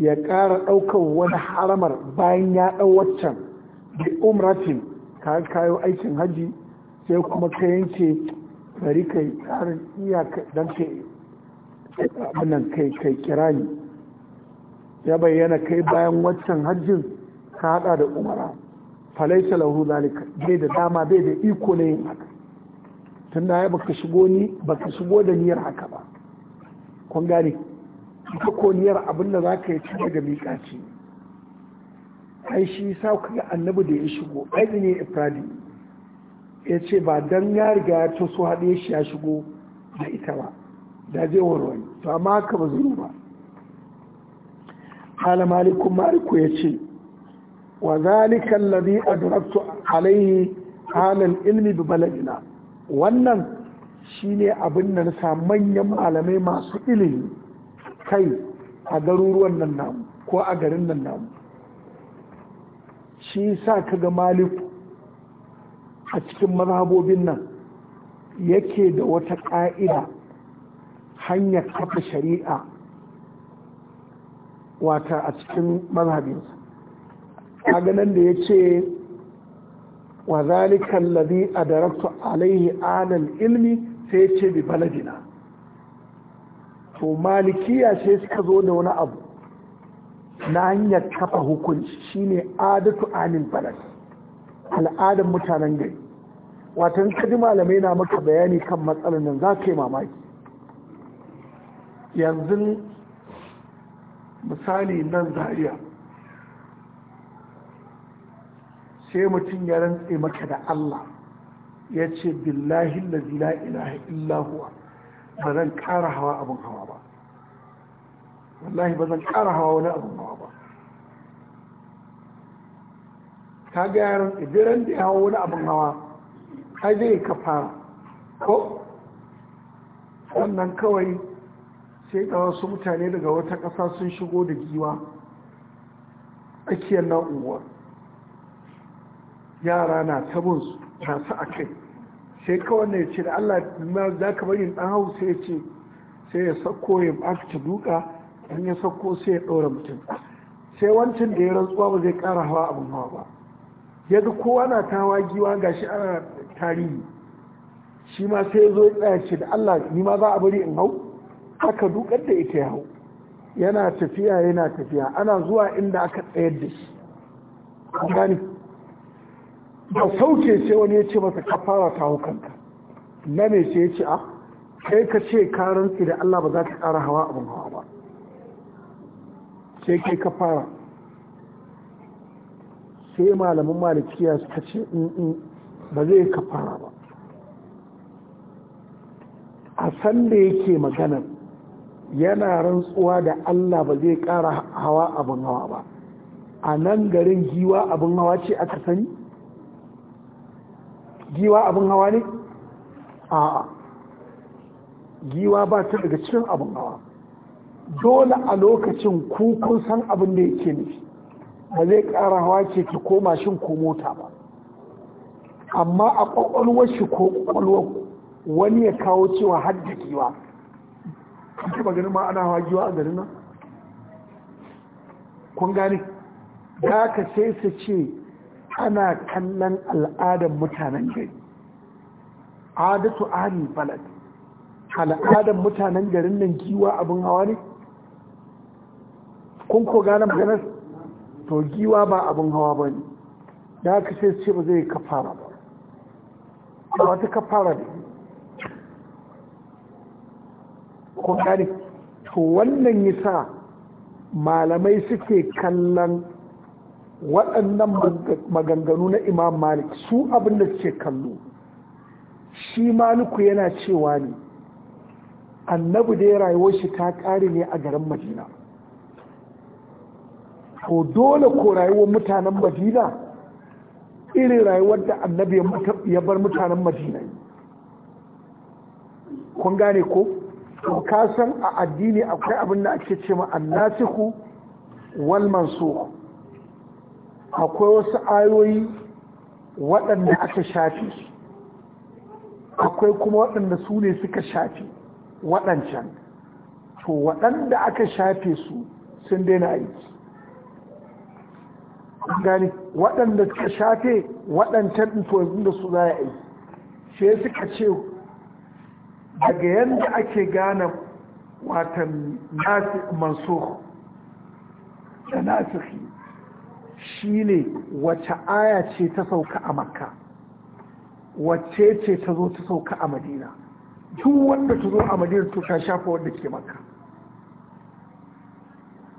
ya ƙara ɗaukar wani haramar bayan ya ɗau waccan bi umratin ka kayo aikin hajji sai kuma ka yanke bari kai tsarin iyaka don kai kai kai kirani ya bayyana kai bayan waccan hajjin ka hada da umara falaita lahu zalika bai da dama bai da iko ne yin haka tun da ya baka shigo ni baka shigo da niyyar haka ba kun gane ko niyyar abin da za ka yi tun daga miƙaci ai shi sa ku ga annabi da ya shigo ne ifradi ya ce ba dan ya riga ya to so hade shi ya shigo da ita ba da je warware to amma ka ba zuru ba qala malikun maliku ya ce wa zalika alladhi adraktu alayhi halal ilmi bi baladina wannan shine abin da na samu manyan malamai masu ilimi kai a garuruwan nan namu ko a garin nan namu shi sa kaga malik a cikin mazhabobin nan yake da wata ƙa'ida hanyar kafa shari'a wata a cikin mazhabinsa nan da ya ce wa zalikan a darakta alaihi Anan ilmi sai ce bi baladina to malikiya sai suka zo da wani abu na hanyar kafa hukunci shine adatu amin balad al'adar mutanen gari watan kadi malamai na maka bayani kan matsalar nan za ka yi mamaki yanzu misali nan zariya sai mutum ya rantse maka da Allah ya ce billahi la ilaha illahuwa ba zan kara hawa abin hawa ba wallahi ba zan kara hawa wani abin hawa ba ka ga yaran ibiran da ya hawa wani abin hawa har zai ka fara ko Wannan kawai sai ga wasu mutane daga wata ƙasa sun shigo da giwa tsakiyar na'uwa yara na tabinsu na su a kai sai kawai ya ce da allah za ka bari ɗan hau sai ya ce sai ya sako ya ɓata duka in ya sauko sai ya ɗora mutum sai wancan da ya rantsuwa ba zai ƙara hawa abin hawa ba ya ga kowa na tawa giwa ga shi ana tarihi shi ma sai zo ya tsaya ce da Allah ni ma za a bari in hau haka dukar da ita ya hau yana tafiya yana tafiya ana zuwa inda aka tsayar da shi gani da sauke sai wani ya ce masa ka fara ta kanka na me sai ya ce a ah, kai ka ce ka rantsi da Allah ba za ka ƙara hawa abin hawa ba sai kai ka fara sai malaman malikiya suka ce in ba zai ka fara ba a sanda yake maganar yana rantsuwa da allah ba zai kara hawa abin hawa ba a nan garin giwa abin hawa ce aka sani giwa abin hawa ne a giwa ba ta daga cikin abin hawa dole a lokacin ku kun san abin da yake nufi ba zai ƙara hawa ce ki ko mashin ko mota ba amma a kwakwalwar shi ko kwakwalwar wani ya kawo cewa har da giwa kuke ba ganin ma ana hawa giwa a garin nan kun gane da ka sai su ce ana kallon al'adar mutanen gari adatu ahli balad al'adar mutanen garin nan giwa abin hawa ne kun ko gane maganar to giwa ba abin hawa ba ne da haka sai ce ba zai kafara ba ba wata kafara ne kun gane to wannan yasa malamai suke kallon waɗannan maganganu na imam malik su abin da suke kallo shi maliku yana cewa ne annabi da ya rayuwar shi ta ƙare ne a garin madina to dole ko rayuwar mutanen madina irin rayuwar da annabi ya bar mutanen madina kun gane ko to kasan a addini akwai abin da ake ce ma annasiku wal mansukh akwai wasu ayoyi waɗanda aka shafi akwai kuma waɗanda su ne suka shafi waɗancan to waɗanda aka shafe su sun daina aiki gani waɗanda suka shafe waɗancan tuwazin da su za a yi sai suka ce daga yadda ake gane watan mansur da nasihi shi ne wace aya ce ta sauka a makka wacce ce ta zo ta sauka a madina duk wanda ta zo a madina to ta shafa wanda ke makka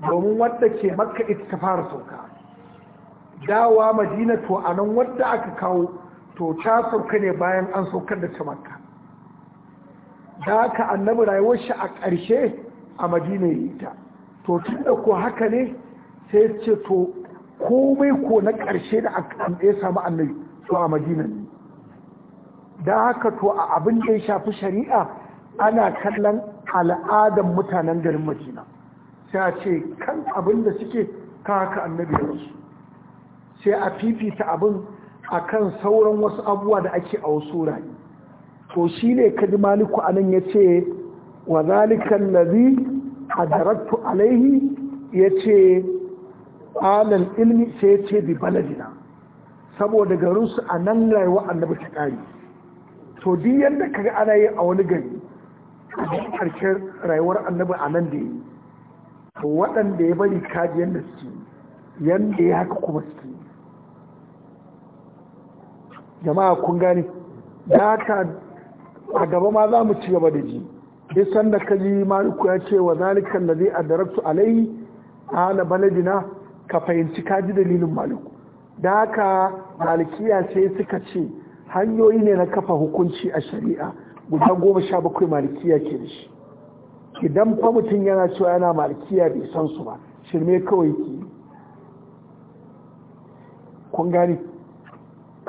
domin wanda ke makka ita ta fara sauka dawa madina to a nan wadda aka kawo to ta sauka ne bayan an saukar da ta makka da haka annabi rayuwar shi a ƙarshe a madina ya yi ta to tun da ko haka ne sai ce to komai ko na ƙarshe da aka ya samu annabi to a madina ne da haka to a abin da ya shafi shari'a ana kallon al'adar mutanen garin madina sai a ce kan abin da suke kan haka annabi ya rasu sai a fifita abin a kan sauran wasu abubuwa da ake a wasu rai to shi ne kadi maliku a nan ya ce wa zalikan lazi a darattu alaihi ya ce alal ilmi sai ya ce bi baladina saboda garinsu a nan rayuwa annabi ta ƙari to din yadda ka ga ana yi a wani gari a ƙarshen rayuwar annabi a nan da yi waɗanda ya bari kaji yadda suke yadda ya haka kuma suke jama'a kun gane da haka a gaba ma za mu ci gaba da ji isan da ka ji maliku ya ce wa zalikan da zai adaraktu alai hana baladina ka fahimci ka ji dalilin maliku da haka malikiya sai suka ce hanyoyi ne na kafa hukunci a shari'a guda goma sha bakwai malikiya ke da shi idan fa mutum yana cewa yana malikiya bai san su ba shirme kawai ke kun gane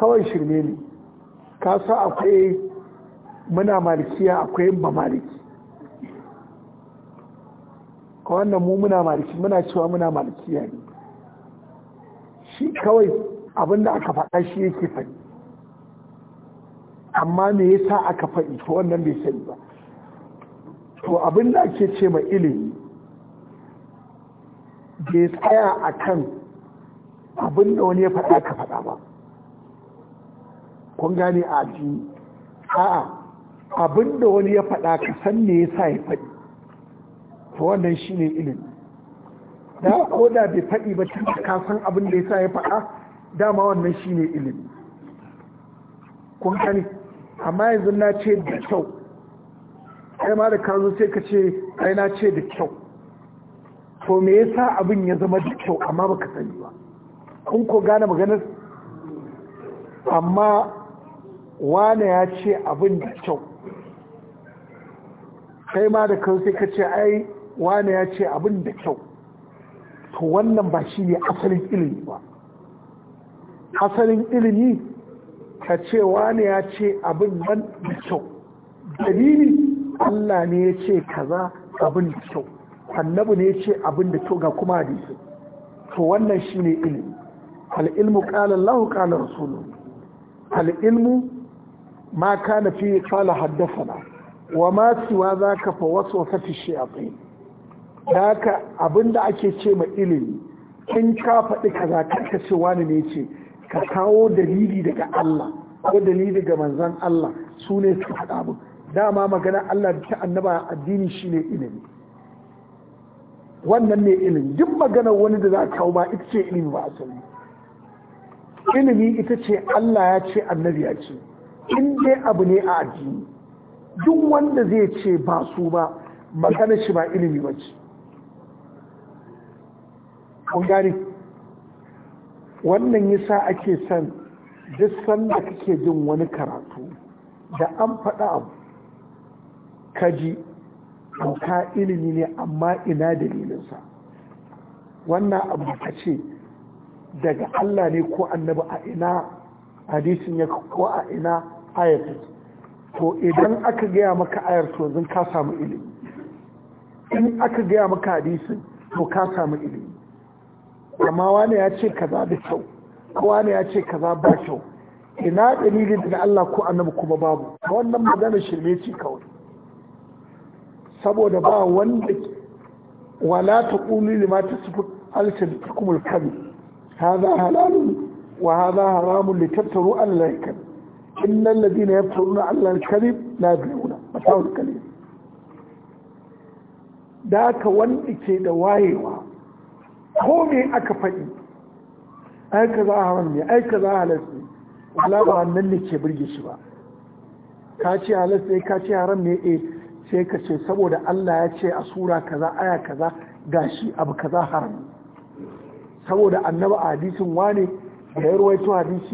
kawai shirme ne kasa akwai muna malikiya akwai ba maliki ka wannan mu muna maliki muna cewa muna malikiya ne shi kawai abinda aka faɗa shi yake faɗi amma me yasa aka faɗi to wannan bai sani ba to abinda ake ce ma ilimi bai tsaya akan abinda wani ya faɗa ka faɗa ba kun gane a addini a'a abinda wani ya faɗa ka san me yasa ya faɗi to wannan shi ne ilimi da ko da bai faɗi ba tun ka san abin da yasa ya faɗa dama wannan shi ne ilimi kun gane amma yanzu na ce da kyau kai ma da ka zo sai ka ce kai na ce da kyau to me yasa abin ya zama da kyau amma baka sani ba kun ko gane maganar amma wane ya ce abin da kyau kai ma da kan sai ka ce ai wane ya ce abin da kyau to wannan ba shi ne asalin ilimi ba asalin ilimi ka ce wane ya ce abin nan da kyau dalili Allah ne ya ce kaza abin da kyau annabi ne ya ce abin da kyau ga kuma su to wannan shi ne ilimi ilmu al'ilmu qala rasuluhu. al ilmu. ما كان فيه قال حدثنا وما سوى ذاك فوسوس في الشياطين ذاك ابن دا اكي تشي ما الين كن كا فدي كذا كك سي واني ني ka كا كاو دليلي دغا ko dalili daga manzon Allah su ne suka haɗa abu dama magana Allah ta annaba addini shine ilimi wannan ne ilimi duk magana wani da za ka kawo ba ita ce ilimi ba asali ilimi ita ce Allah ya ce annabi ya ce in dai abu ne a addini duk wanda zai ce ba su ba magana shi ba ilimi ba ce ƙungari wannan yasa ake san, duk sanda kake jin wani karatu da an faɗa abu kaji ɗauka ilimi ne amma ina dalilinsa wannan abu ka ce daga Allah ne ko annabi a ina hadisin ya kawo a ina ayatu to idan aka gaya maka ayar to zan ka samu ilimi in aka gaya maka hadisin to ka samu ilimi amma wani ya ce kaza da kyau wani ya ce kaza ba kyau ina dalilin da Allah ko annabi kuma babu wannan magana shirme ce kawai saboda ba wanda wala taqulu lima tasifu alsin kumul kadhib hadha halalun Wa haramun وهذا حرام لتفتروا على الله na إن na, يفترون على الكذب لا يبلغون متاع الكذب ذاك wanda ke da wayewa ko me aka faɗi aika za a haram ne aika za a halarci wala ba wannan ne ke birge shi ba ka ce halarci ne ka ce haram ne eh sai ka ce saboda Allah ya ce a sura kaza aya kaza gashi abu kaza haram saboda annaba a hadisin wane da ya ruwaito hadisi